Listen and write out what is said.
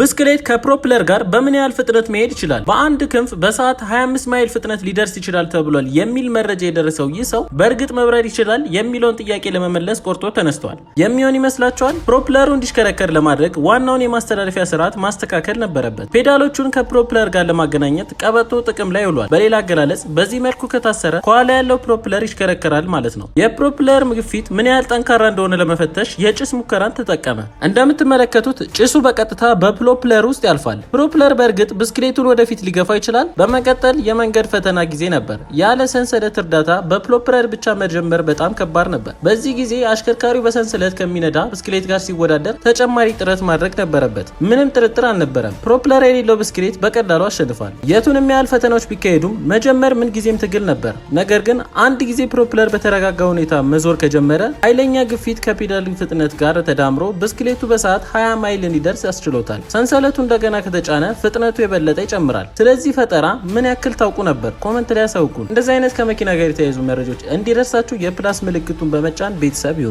ብስክሌት ከፕሮፕለር ጋር በምን ያህል ፍጥነት መሄድ ይችላል? በአንድ ክንፍ በሰዓት 25 ማይል ፍጥነት ሊደርስ ይችላል ተብሏል የሚል መረጃ የደረሰው ይህ ሰው በእርግጥ መብረር ይችላል የሚለውን ጥያቄ ለመመለስ ቆርጦ ተነስተዋል። የሚሆን ይመስላችኋል? ፕሮፕለሩ እንዲሽከረከር ለማድረግ ዋናውን የማስተላለፊያ ስርዓት ማስተካከል ነበረበት። ፔዳሎቹን ከፕሮፕለር ጋር ለማገናኘት ቀበቶ ጥቅም ላይ ውሏል። በሌላ አገላለጽ በዚህ መልኩ ከታሰረ ከኋላ ያለው ፕሮፕለር ይሽከረከራል ማለት ነው። የፕሮፕለር ግፊት ምን ያህል ጠንካራ እንደሆነ ለመፈተሽ የጭስ ሙከራን ተጠቀመ። እንደምትመለከቱት ጭሱ በቀጥታ በ ፕሮፕለር ውስጥ ያልፋል። ፕሮፕለር በእርግጥ ብስክሌቱን ወደፊት ሊገፋ ይችላል። በመቀጠል የመንገድ ፈተና ጊዜ ነበር። ያለ ሰንሰለት እርዳታ በፕሎፕለር ብቻ መጀመር በጣም ከባድ ነበር። በዚህ ጊዜ አሽከርካሪው በሰንሰለት ከሚነዳ ብስክሌት ጋር ሲወዳደር ተጨማሪ ጥረት ማድረግ ነበረበት። ምንም ጥርጥር አልነበረም። ፕሮፕለር የሌለው ብስክሌት በቀላሉ አሸንፏል። የቱንም ያህል ፈተናዎች ቢካሄዱም መጀመር ምን ጊዜም ትግል ነበር። ነገር ግን አንድ ጊዜ ፕሮፕለር በተረጋጋ ሁኔታ መዞር ከጀመረ ኃይለኛ ግፊት ከፒዳል ፍጥነት ጋር ተዳምሮ ብስክሌቱ በሰዓት 20 ማይል እንዲደርስ ያስችሎታል። ሰንሰለቱ እንደገና ከተጫነ ፍጥነቱ የበለጠ ይጨምራል። ስለዚህ ፈጠራ ምን ያክል ታውቁ ነበር? ኮመንት ላይ ያሳውቁን። እንደዚህ አይነት ከመኪና ጋር የተያያዙ መረጃዎች እንዲደርሳችሁ የፕላስ ምልክቱን በመጫን ቤተሰብ ይሁኑ።